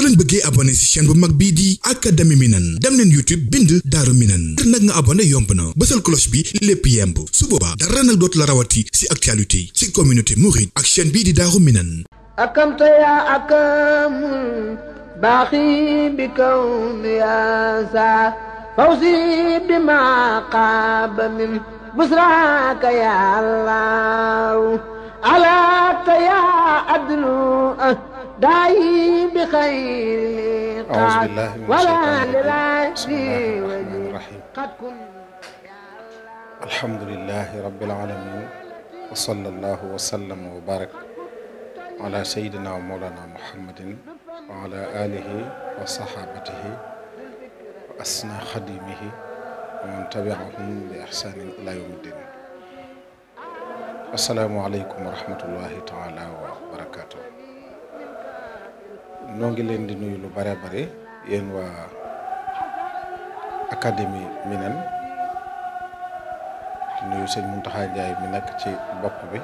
soo leen bëggee abonné ci chaîne bu mag bii di académie Minane dem leen YouTube bind Daaru Minane ngir nag nga abonné yomb na bësal cloche bi lépp yemb su boobaa dara nag dootu la rawati ci actualité ci communauté mouride ak chaîne bii di Daaru Minane akamta yaa akamul baaxi bi kawn yaa saa fawsi bi ma qaaba min busraaka yaa allah alaata yaa adlu داعي بخير أعوذ بالله من الشيطان بسم الله الرحمن الرحيم الحمد لله رب العالمين وصلى الله وسلم وبارك على سيدنا ومولانا محمد وعلى آله وصحابته وأسنى خديمه ومن تبعهم بإحسان إلى يوم الدين السلام عليكم ورحمة الله تعالى وبركاته noo ngi leen di nuyu lu bare bare yéen waa académie mi di nuyu sëñ taxa njaay mi nekk ci bopp bi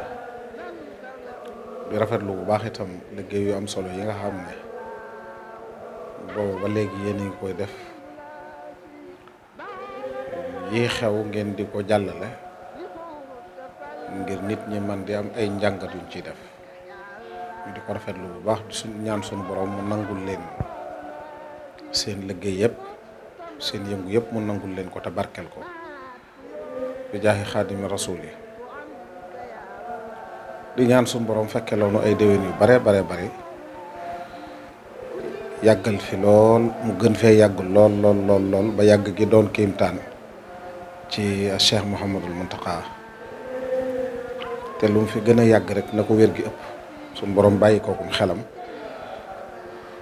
di rafetlu bu baax itam liggéey yu am solo yi nga xam ne boobu ba léegi yéen a ngi koy def yi xew ngeen di ko jàllale ngir nit ñi man di am ay njàngat yuñ ciy def di ko rafetlu bu baax suñu ñaan suñu boroom mu nangul leen seen liggéey yépp seen yëngu yëpp mu nangul leen ko te barkeel ko bi jaaxi xaadimi rasuul yi di ñaan suñu borom fekke loonu ay déwén yu bare bare bare yàggal fi lool mu gën fee yàgg lool lool lool ba yàgg gi doon kéemtaan ci Cheikh Mouhamadul Mountakha te lu mu fi gën a yàgg rek na ko wér gi ëpp suñ boroom bàyyi kookum xelam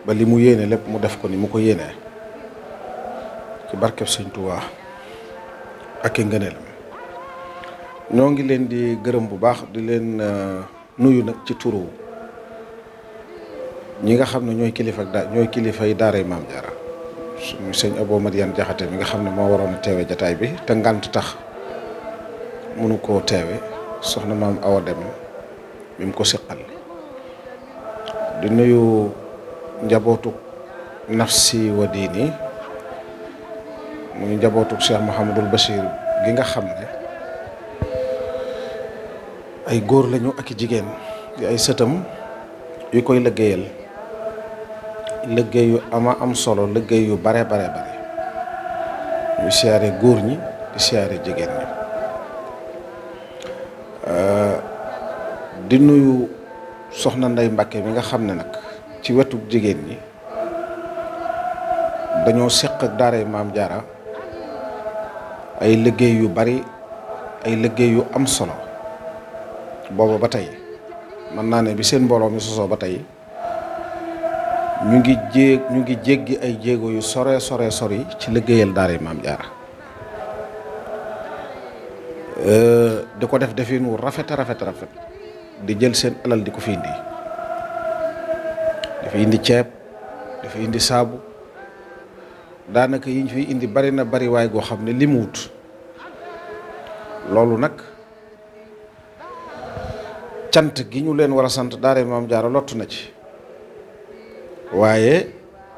ba li mu yéene lépp mu def ko ni mu ko yéenee ci barkeb Sëñ Tuubaa ak i ngëneelam ñoo ngi leen di gërëm bu baax di leen uh, nuyu nag ci turu ñi nga xam ne ñooy kilifa ak ñooy kilifa yi daaray Maam Jaara suñu sëñ Abou Madiane Jaxate mi nga xam ne moo waroon a teewe jataay bi te ngànt tax mënu koo teewe soxna maam Awa Dem mi mu ko siqal di nuyu njabootu nafsi wa diini muy njabootu Cheikh Mouhamadul Bachir gi nga xam ne ay góor lañu ak jigéen di ay sëtam yu koy liggéeyal liggéey yu ama am solo liggéey yu bare bare bare ñu siyaare góor ñi di siyaare jigéen ñi di nuyu soxna Ndey Mbàkke mi nga xam ne nag ci wetu jigéen ñi dañoo seq ak daaray maam jaara ay liggéey yu bari ay liggéey yu am solo booba ba tey mën naa ne bi seen mbooloo mi sosoo ba tey ñu ngi jéeg ñu ngi jéggi ay jéego yu sore sore sori ci liggéeyal daaray maam jaara euh, di ko def defin wu rafet rafet rafet di jël seen alal di ko fi indi dafa indi ceeb dafa indi saabu daanaka yiñ fi indi bari na bari waay goo xam ne li mu wut loolu nag cant gi ñu leen war a sant daara maam jaara lott na ci waaye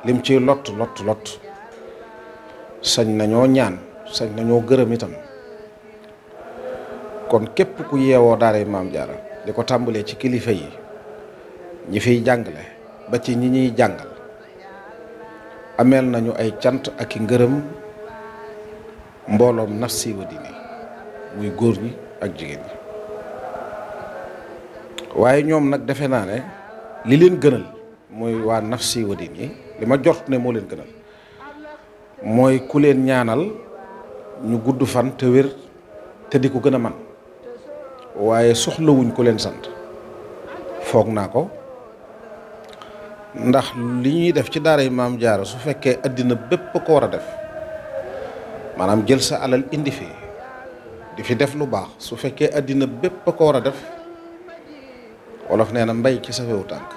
lim ciy lott lot lott sañ nañoo ñaan sañ nañoo gërëm itam kon képp ku yeewoo daara maam jaara li ko tàmbalee ci kilifa yi ñi fiy jàngale ba ci ñi ñuy jàngal ameel nañu ay cant ak i ngërëm mbooloom nafsi wa dini muy góor ñi ak jigéen ñi waaye ñoom nag defe naa ne li leen gënal mooy waa nafsi wa dini li ma jort ne moo leen gënal mooy ku leen ñaanal ñu gudd fan te wér te di ko gën a man waaye soxlawuñ ko leen sant foog naa ko ndax li ñuy def ci daara yi maam jaara su fekkee àddina bépp ko war a def maanaam jël sa alal indi fi di fi def lu baax su fekkee àddina bépp a ko war a def wolof nee na mbay ci sa tànk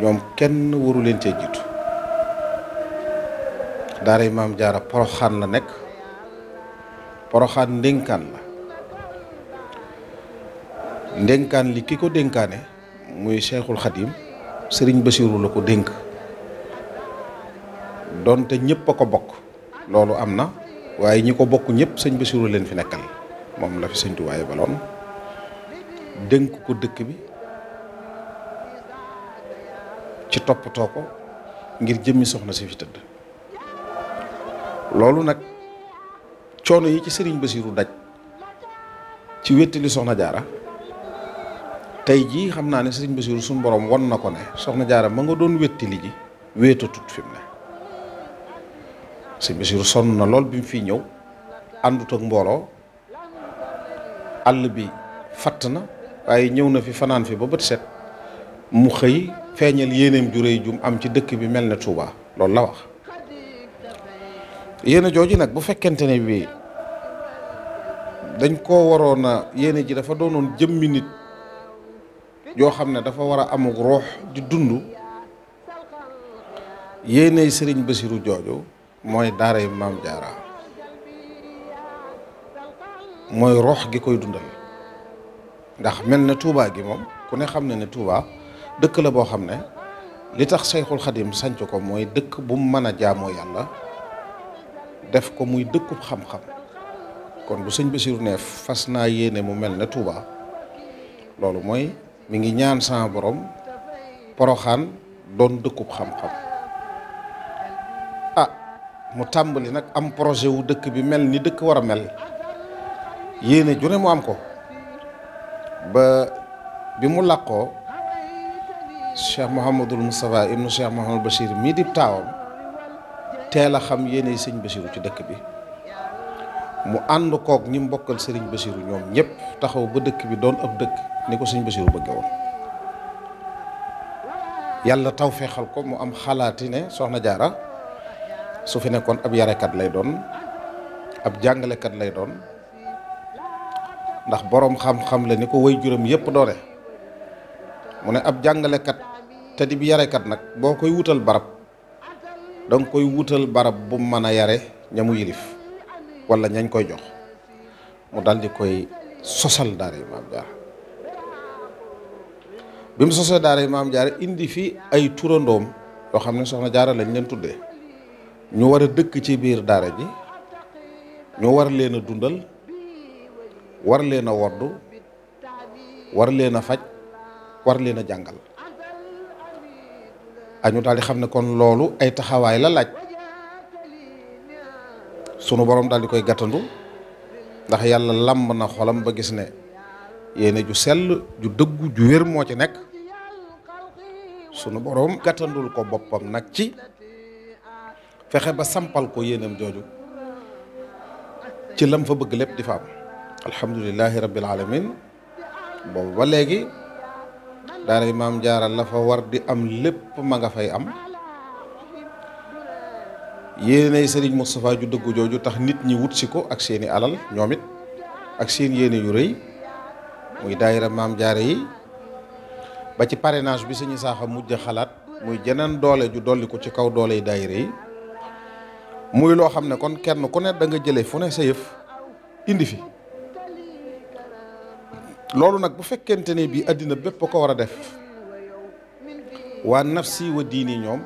ñoom kenn waru leen cee jiitu daara yi maam jaara poroxaan la nekk poroxaan ndénkaan la ndénkaan li ki ko dénkaane muy Cheikhul Khadim Serigne Bassirou la ko dénk doonte ñëpp a ko bokk loolu am na waaye ñi ko bokk ñépp sëñ Bassirou leen fi nekkal moom la fi sëñ Tuubaa baloon dénk ko dëkk bi ci toppatoo ko ngir jëmmi soxna si fi tëdd loolu nag coono yi ci sëriñ basiiru daj ci wéttali soxna jaara tey jii xam naa ne sëriñ Basiru suñu borom won na ko ne soxna Jaara ma nga doon wetti li ji wéetatut fi mu ne sëriñ sonn na lool bi fi ñëw àndut ak mbooloo àll bi fatt na waaye ñëw na fi fanaan fi ba bët set mu xëy feeñal yéeneem ju jum am ci dëkk bi mel ne Touba loolu la wax yéene jooju nag bu fekkente ne bi dañ koo waroon a yéene ji dafa doonoon jëmmi nit yoo xam ne dafa war a amug ruux di dund yéenay sëriñ Basiru jooju mooy daaray maam jaara mooy ruux gi koy dundal ndax mel na Touba gi moom ku ne xam ne ne Touba dëkk la boo xam ne li tax Sayxul Xadim sanc ko mooy dëkk bu mu mën a jaamoo yàlla def ko muy dëkku xam-xam kon bu sëñ Basiru ne fas naa yéene mu mel ne Touba loolu mooy mi ngi ñaan sama borom poroxaan doon dëkku xam-xam ah mu tàmbali nag am projet wu dëkk bi mel ni dëkk war a mel yéene ju ne mu am ko ba bi mu làqoo Cheikh Mouhamadul Moustapha ibnu Cheikh Mouhamadul Bachir mii di taawam teel a xam yéene sëñ Bachiru ci dëkk bi mu ànd koog ñi mbokkal sëriñ Bachiru ñoom ñëpp taxaw ba dëkk bi doon ab dëkk ni ko sëñ Basiru bëgge woon yàlla taw feexal ko mu am xalaati ne soxna jaara su fi nekkoon ab yarekat lay doon ab jàngalekat lay doon ndax boroom xam-xam la ni ko way juróom yépp doone mu ne ab jàngalekat te di bi yarekat nag boo koy wutal barab danga koy wutal barab bu mën a yare ñamu yilif walla ñañ koy jox mu dal di koy sosal daara yi maam jaara bi mu sosee daara yi maam jaara indi fi ay turandoom yoo xam ne soxna jaara lañ leen tudde ñu war a dëkk ci biir daara ji ñu war leen a dundal war leen a woddu war leen a faj war leen a jàngal añu daal di xam ne kon loolu ay taxawaay la laaj sunu boroom daal di koy gàttandu ndax yàlla làmb na xolam ba gis ne yéene ju sel ju dëggu ju wér moo ci nekk sunu boroom gàttandul ko boppam nag ci fexe ba sampal ko yéenam jooju ci lam fa bëgg lépp di fa am alhamdulilahi alamin boobu ba léegi daaray maam jaaral la fa war di am lépp ma nga fay am yéenay sëriñ Moustapha ju dëggu jooju tax nit ñi wut si ko ak seeni alal ñoom it ak seen yéene yu rëy muy daayira maam jaara yi ba ci parrainage bi suñu saaxa mujj xalaat muy jeneen doole ju dolli ko ci kaw doole yi daayira yi muy loo xam ne kon kenn ku ne da nga jëlee fu ne sa yëf indi fi loolu nag bu fekkente ne bii àddina bépp ko war a def waa nafsi wa diini ñoom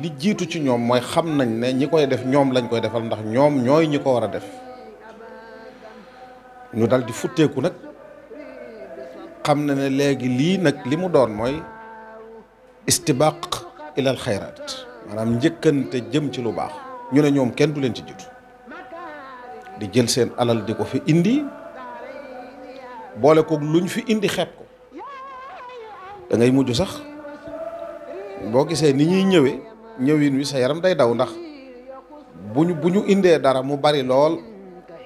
li jiitu ci ñoom mooy xam nañ ne ñi koy def ñoom lañ koy defal ndax ñoom ñooy ñi ko war a def ñu dal di futteeku nag. xam na ne léegi lii nag li mu doon mooy istibaq ilal xayraat maanaam njëkkante jëm ci lu baax ñu ne ñoom kenn du leen ci jiitu di jël seen alal di ko fi indi boole koog luñ fi indi xeeb ko dangay mujj sax boo gisee ni ñuy ñëwee ñëwin wi sa yaram day daw ndax bu ñu bu ñu indee dara mu bari lool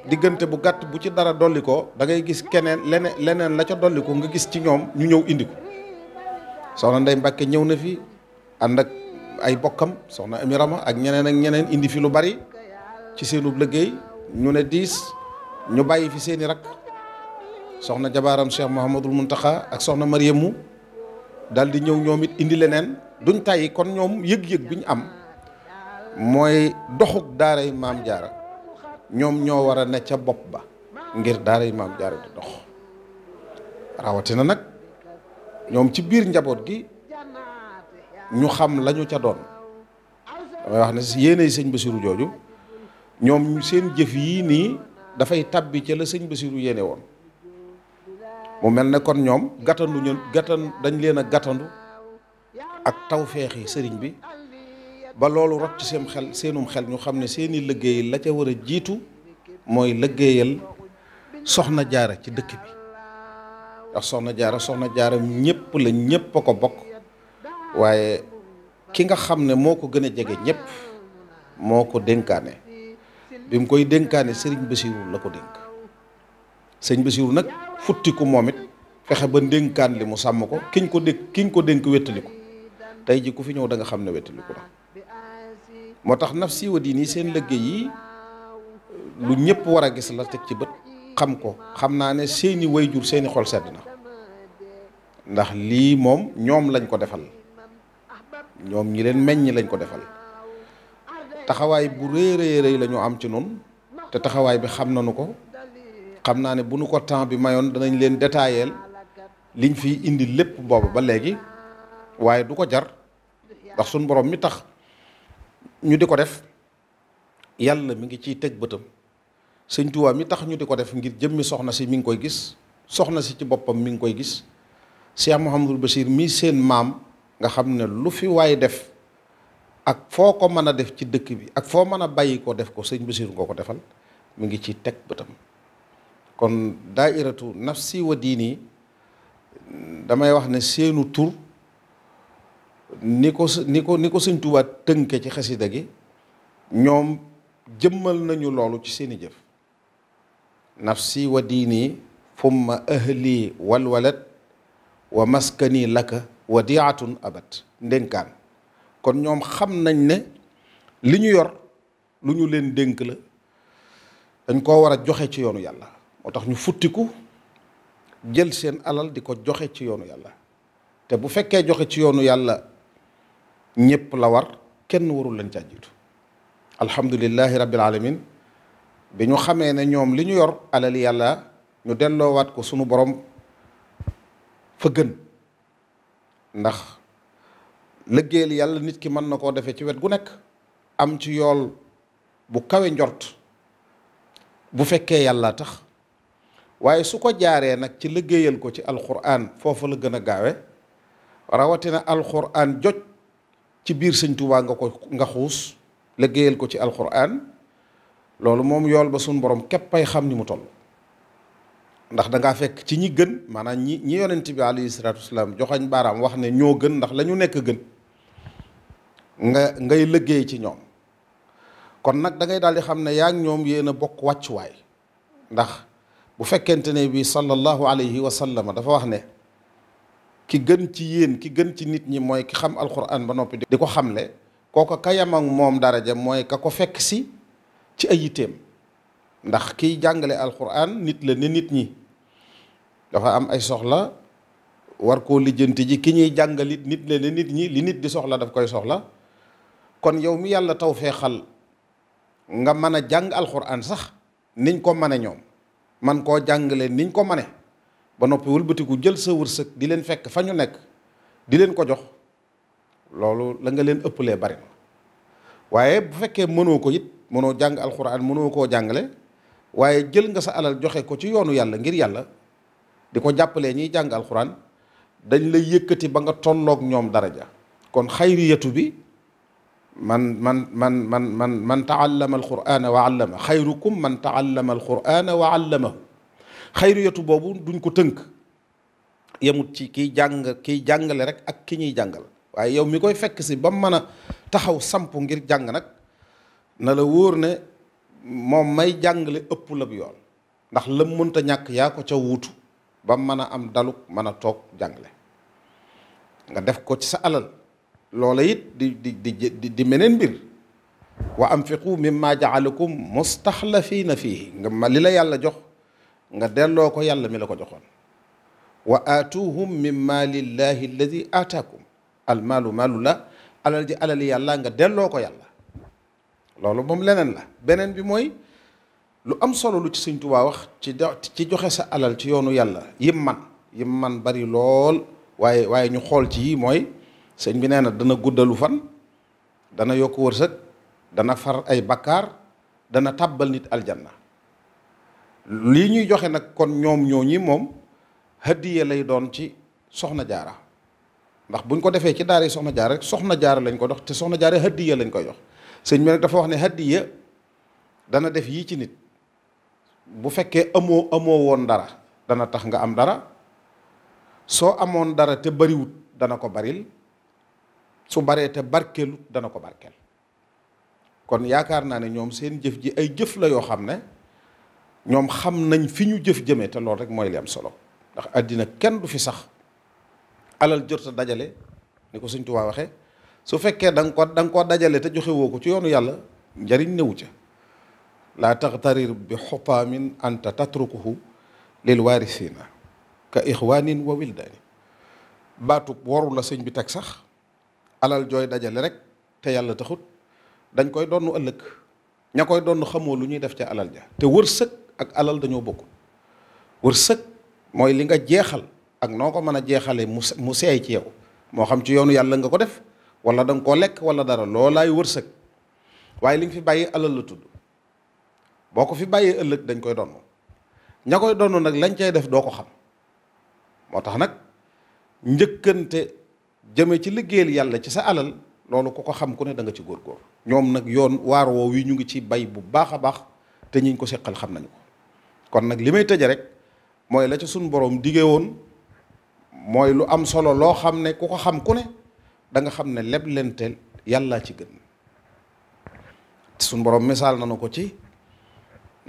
diggante bu gàtt bu ci dara dolli ko dangay gis keneen leneen leneen la ca dolli ko nga gis ci ñoom ñu ñëw indi ko soxna Ndeye Mbacke ñëw na fi ànd ak ay bokkam soxna Ami Rama ak ñeneen ak ñeneen indi fi lu bari ci seenub liggéey ñu ne diis ñu bàyyi fi seeni rak soxna jabaaram Cheikh Mouhamadul Mountakha ak soxna Mariamu daal di ñëw ñoom it indi leneen duñ tàyyi kon ñoom yëg-yëg bi ñu am mooy doxuk daaray maam jaara ñoom ñoo war a ne ca bopp ba ngir daara yi maam jaara di dox rawatina nag ñoom ci biir njaboot gi ñu xam lañu ca doon damay wax ne yéenay sëñ Basiru jooju ñoom seen jëf yi nii dafay tabbi ca la sëñ Basiru yéene woon mu mel ne kon ñoom gàttandu dañ leen a gàttandu ak tawféexi sëriñ bi ba loolu rot ci seen xel seenum xel ñu xam ne seeni liggéey la ca war a jiitu mooy liggéeyal soxna jaara ci dëkk bi ndax soxna jaara soxna jaara ñëpp la ñëpp a ko bokk waaye ki nga xam ne moo ko gën a jege ñëpp moo ko dénkaane bi mu koy dënkaane sëriñ Basiiru la ko dénk sëriñ Basiiru nag futti ku moom it fexe ba ndénkaan li mu sàmm ko kiñ ko dé kiñ ko dénk wettali ko tey ji ku fi ñëw da nga xam ne wettali ko moo tax nafsi wa diini seen liggéey yi lu ñépp war a gis la teg ci bët xam ko xam naa ne seeni jur seeni xol sedd na ndax lii moom ñoom lañ ko defal ñoom ñi leen meññ lañ ko defal taxawaay bu rëy rëy la ñu am ci noonu te taxawaay bi xam nañu ko xam naa ne bu nu ko temps bi mayoon danañ leen détailleel liñ fiy indi lépp boobu ba léegi waaye du ko jar ndax suñ boroom mi tax ñu di ko def yàlla mu ngi ciy teg bëtam sëñ Tuubaa mi tax ñu di ko def ngir jëmmi soxna si mi ngi koy gis soxna si ci boppam mi ngi koy gis Cheikh Mouhamadul Bachir mii seen maam nga xam ne lu fi waay def ak foo ko mën a def ci dëkk bi ak foo mën a bàyyi ko def ko sëñ Bachir nga ko defal mu ngi ciy teg bëtam kon daairatu nafsi wa diini damay wax ne seenu tur ni ko ni ko ni ko sëñ Tuubaa tënke ci xasida gi ñoom jëmmal nañu loolu ci seeni jëf nafsi wa diini fumma ahli walwalat wa maskani laka wa diatun abat ndénkaan kon ñoom xam nañ ne li ñu yor lu ñu leen dénk la dañ koo war a joxe ci yoonu yàlla moo tax ñu futtiku jël seen alal di ko joxe ci yoonu yàlla te bu fekkee joxe ci yoonu yàlla ñëpp la war kenn warul lañ caa jiitu alhamdulilahi rabbil alamin bi ñu xamee ne ñoom li ñu yor alal yàlla ñu delloowaat ko sunu boroom fa gën ndax liggéeyal yàlla nit ki mën na koo defee ci wet gu nekk am ci yool bu kawe njort bu fekkee yàlla tax waaye su ko jaaree nag ci liggéeyal ko ci alquran foofu la gën a gaawe rawatina alquran joj ci biir sëñ Tuubaa nga ko nga xuus liggéeyal ko ci alxuraan loolu moom yool ba suñ borom képp ay xam ni mu toll ndax da fekk ci ñi gën maanaam ñi ñi yonent bi alayhi salaatu wasalaam joxañ baaraam wax ne ñoo gën ndax la ñu nekk gën nga ngay liggéey ci ñoom kon nag dangay ngay daal di xam ne yaa ñoom yéen a bokk wàccuwaay ndax bu fekkente ne bi sallallahu alayhi wa sallam dafa wax ne ki gën ci yéen ki gën ci nit ñi mooy ki xam alxuraan ba noppi di ko xamle kooka ka yam ak moom daraja mooy ka ko fekk si ci ay ndax kiy jàngale alxuraan nit la ne nit ñi dafa am ay soxla war koo lijjanti ji ki ñuy jàngalit nit la nit ñi li nit di soxla daf koy soxla kon yow mi yàlla taw feexal nga mën a jàng alxuraan sax niñ ko mane ñoom man koo jàngale niñ ko mane ba noppi wëlbatiku jël sa wërsëg di leen fekk fa ñu nekk di leen ko jox loolu la nga leen ëppalee bari na waaye bu fekkee mënoo ko it mënoo jàng alxuraan mënoo koo jàngale waaye jël nga sa alal joxe ko ci yoonu yàlla ngir yàlla di ko jàppale ñiy jàng alxuraan dañ lay yëkkati ba nga tolloog ñoom daraja kon xayriyatu bi man man man man man man taallama alqurana wa allama xayrukum man taallama alqurana wa allamahu xayriyatu boobu duñ ko tënk yemut ci ki jàng kiy jàngale rek ak ki ñuy jàngal waaye yow mi koy fekk si ba mën a taxaw samp ngir jàng nag na la wóor ne moom may jàngale ëpp la bu yoon ndax lëm mënta ñàkk yaa ko ca wuutu ba mën a am daluk mën a toog jàngale nga def ko ci sa alal loola it di di di di meneen mbir wa anfiqu mimma jaalakum mustaxlafiina fiihi nga ma li la yàlla jox nga delloo ko yàlla mi la ko joxoon wa aatuhum min maalillahi alladi aataakum almaalu la alal ji alali yàlla nga delloo ko yàlla loolu moom leneen la beneen bi mooy lu am solo lu ci sëñ Tuubaa wax ci ci joxe sa alal ci yoonu yàlla yim man yim man bari lool waaye waaye ñu xool ci yii mooy sëñ bi nee na dana guddalu fan dana yokk wërsëg dana far ay bakkaar dana tàbbal nit aljanna lii ñuy joxe nag kon ñoom ñoo ñi moom hadiya lay doon ci soxna jaara ndax buñ ko defee ci daara yi soxna jaara rek soxna jaara lañ ko dox te soxna jaara hadiya lañ koy jox sëñ bi nag dafa wax ne hadiya dana def yii ci nit bu fekkee amoo amoo woon dara dana tax nga am dara soo amoon dara te bariwut dana ko baril su baree te barkeelut dana ko barkeel kon yaakaar naa ne ñoom seen jëf ji ay jëf la yoo xam ne ñoom xam nañ fi ñu jëf jëmee te loolu rek mooy li am solo ndax àddina kenn du fi sax alal jot a dajale ni ko Sëñ Tuubaa waxee su fekkee da nga ko da koo dajale te joxewoo ko ci yoonu yàlla njariñ newu ca laa taxtarir bi xopaamin anta tatrukuhu lil waarisina ka ixwaanin wa wildaani baatub waru la sëñ bi teg sax alal jooy dajale rek te yàlla taxut dañ koy donn ëllëg ña koy donn xamoo lu ñuy def ca alal ja te wërsëg ak alal dañoo bokk wërsëg mooy li nga jeexal ak noo ko mën a jeexalee mu mu seey ci yow moo xam ci yoonu yàlla nga ko def wala danga nga koo lekk wala dara loolaay wërsëg waaye li nga fi bàyyi alal la tudd boo ko fi bàyyee ëllëg dañ koy donn ña koy donn nag lañ cay def doo ko xam moo tax nag njëkkante jëme ci liggéeyal yàlla ci sa alal loolu ku ko xam ku ne danga ci góor góorgóor ñoom nag yoon waar woo wi ñu ngi ci bay bu baax a baax te ñiñ ko seqal xam nañu kon nag li may tëje rek mooy la ca suñ borom digee woon mooy lu am solo loo xam ne ku ko xam ku ne danga xam ne leb lenteel yàllaa ci gën suñ borom misaal nanu ko ci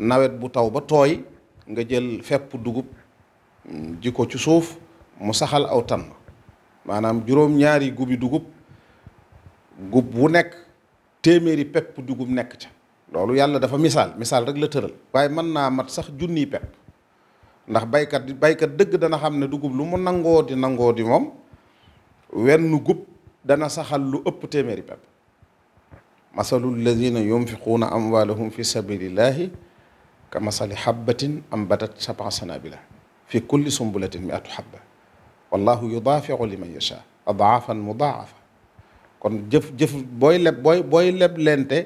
nawet bu taw ba tooy nga jël fepp dugub ji ko ci suuf mu saxal aw tan maanaam juróom-ñaari gubi dugub gub bu nekk téeméeri pepp dugub nekk ca loolu yàlla dafa misaal misaal rek la tëral waaye mën naa mat sax junniy pepp ndax baykat dëgg dana xam ne dugub lu mu nangoo di nangoo di moom wenn gub dana saxal lu ëpp téeméeri pepp masalul ladina yunfiquuna amwaalahum fi sabilillahi ka masali xabbatin ambatat sab'a sanabila fi kulli sumbulatin mi'atu xabba wallahu yudaafiu liman yasha adaafan mudaafa kon jëf jëf booy leb booy booy leb lente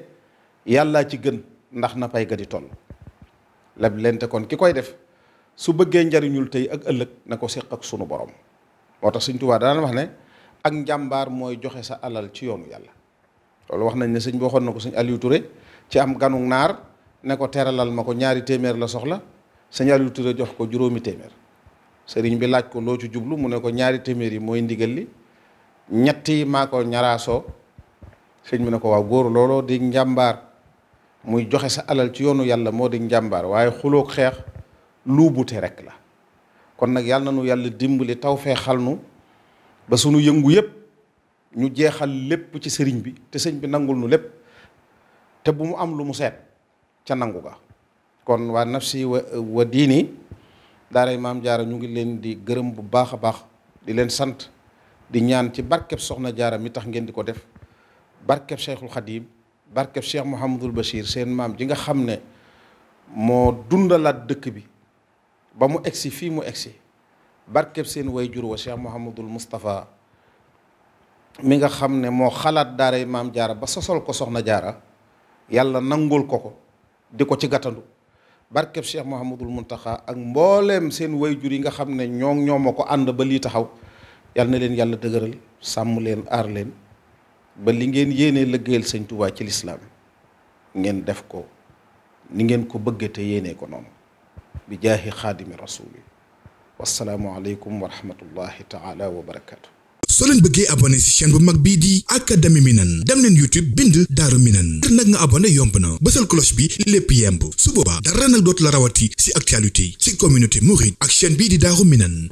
yàllaa ci gën ndax na pay ga di toll leb lente kon ki koy def su bëggee njariñul tey ak ëllëg na ko séq ak sunu borom moo tax suñ Tuubaa daan wax ne ak njàmbaar mooy joxe sa alal ci yoonu yàlla loolu wax nañ ne sëñ bi waxoon na ko sëñ Aliou Touré ci am ganu naar ne ko teralal ma ko ñaari téeméer la soxla sëñ Aliou jox ko juróomi téeméer sëriñ bi laaj ko loo ci jublu mu ne ko ñaari téeméer yi mooy ndigal li ñetti yi maa ko ñaraasoo sëñ bi ne ko waaw góor looloo di njàmbaar muy joxe sa alal ci yoonu yàlla moo di njàmbaar waaye xuloog xeex luubute rek la kon nag yàlla na nu yàlla dimbali taw fee xal nu ba sunu yëngu yépp ñu jeexal lépp ci sëriñ bi te sëñ bi nangul nu lépp te bu mu am lu mu seet ca nangu ga kon waa nafsi wa wa diini daaray maam jaara ñu ngi leen di gërëm bu baax a baax di leen sant di ñaan ci barkeb soxna jaara mi tax ngeen di ko def barkeb Cheikhul Khadim barkeb Cheikh Mouhamadul Bachir seen maam ji nga xam ne moo dundalaat dëkk bi ba mu egsi fii mu egsi barkeb seen way jur wa Cheikh Mouhamadul Moustapha mi nga xam ne moo xalaat daaray maam jaara ba sosol ko soxna jaara yàlla nangul ko ko di ko ci gàttandu barkeb Cheikh Mouhamadul Muntaxa ak mbooleem seen way jur yi nga xam ne ñoom ñoo ko ànd ba lii taxaw yàlla na leen yàlla dëgëral sàmm leen aar leen ba li ngeen yéenee lëggéeyal sëñ Tuubaa ci lislaam ngeen def ko ni ngeen ko bëggee te yéenee ko noonu bi jaahi xaadimi rasuuli wassalaamu aleykum wa rahmatullahi taala wa barakaatu. soo leen bëggee abonné ci chaîne bu mag bii di académie Minane dem leen YouTube bind Daaru Minane ngir nag nga abonné yomb na bësal cloche bi lépp yemb su boobaa dara nag dootu la rawati ci actualité ci communauté mouride ak chaîne bii di Daaru Minane